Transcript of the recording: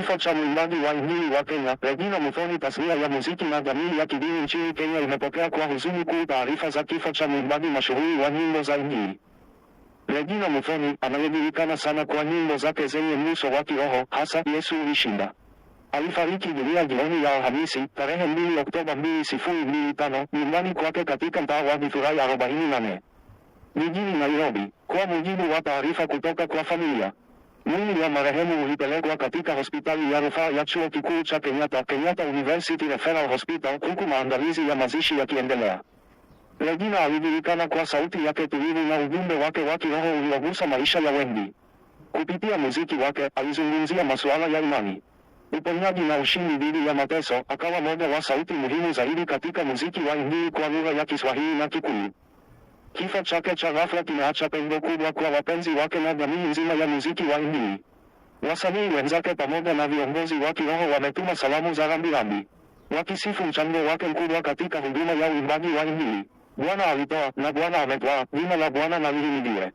Kifo cha mwimbaji wa injili wa Kenya Regina Muthoni, tasnia ya muziki na jamii ya kidini nchini Kenya imepokea kwa huzuni kuu taarifa za kifo cha mwimbaji mashuhuri wa nyimbo za injili Regina Muthoni anayejulikana sana kwa nyimbo zake zenye mguso wa kiroho, hasa Yesu Ulishinda, alifariki dunia jioni ya Alhamisi tarehe 2 Oktoba 2025 nyumbani kwake katika mtaa wa Githurai 48 jijini Nairobi, kwa mujibu wa taarifa kutoka kwa familia. Mwili wa marehemu ulipelekwa katika hospitali ya rufaa ya chuo kikuu cha Kenyatta, Kenyatta University Referral Hospital, huku maandalizi ya mazishi yakiendelea. Regina alijulikana kwa sauti yake tulivu na ujumbe wake wa kiroho uliogusa maisha ya wengi. Kupitia muziki wake alizungumzia masuala ya imani, uponyaji na ushindi dhidi ya mateso. Akawa moja wa sauti muhimu zaidi katika muziki wa Injili kwa lugha ya Kiswahili na Kikuyu. Kifo chake cha ghafla kimeacha pengo kubwa kwa wapenzi wake na jamii nzima ya muziki wa Injili. Wasanii wenzake pamoja na viongozi wa kiroho wametuma salamu za rambirambi, wakisifu mchango wake mkubwa katika huduma ya uimbaji wa Injili. Bwana alitoa na Bwana ametwaa, jina la Bwana na lihimidiwe.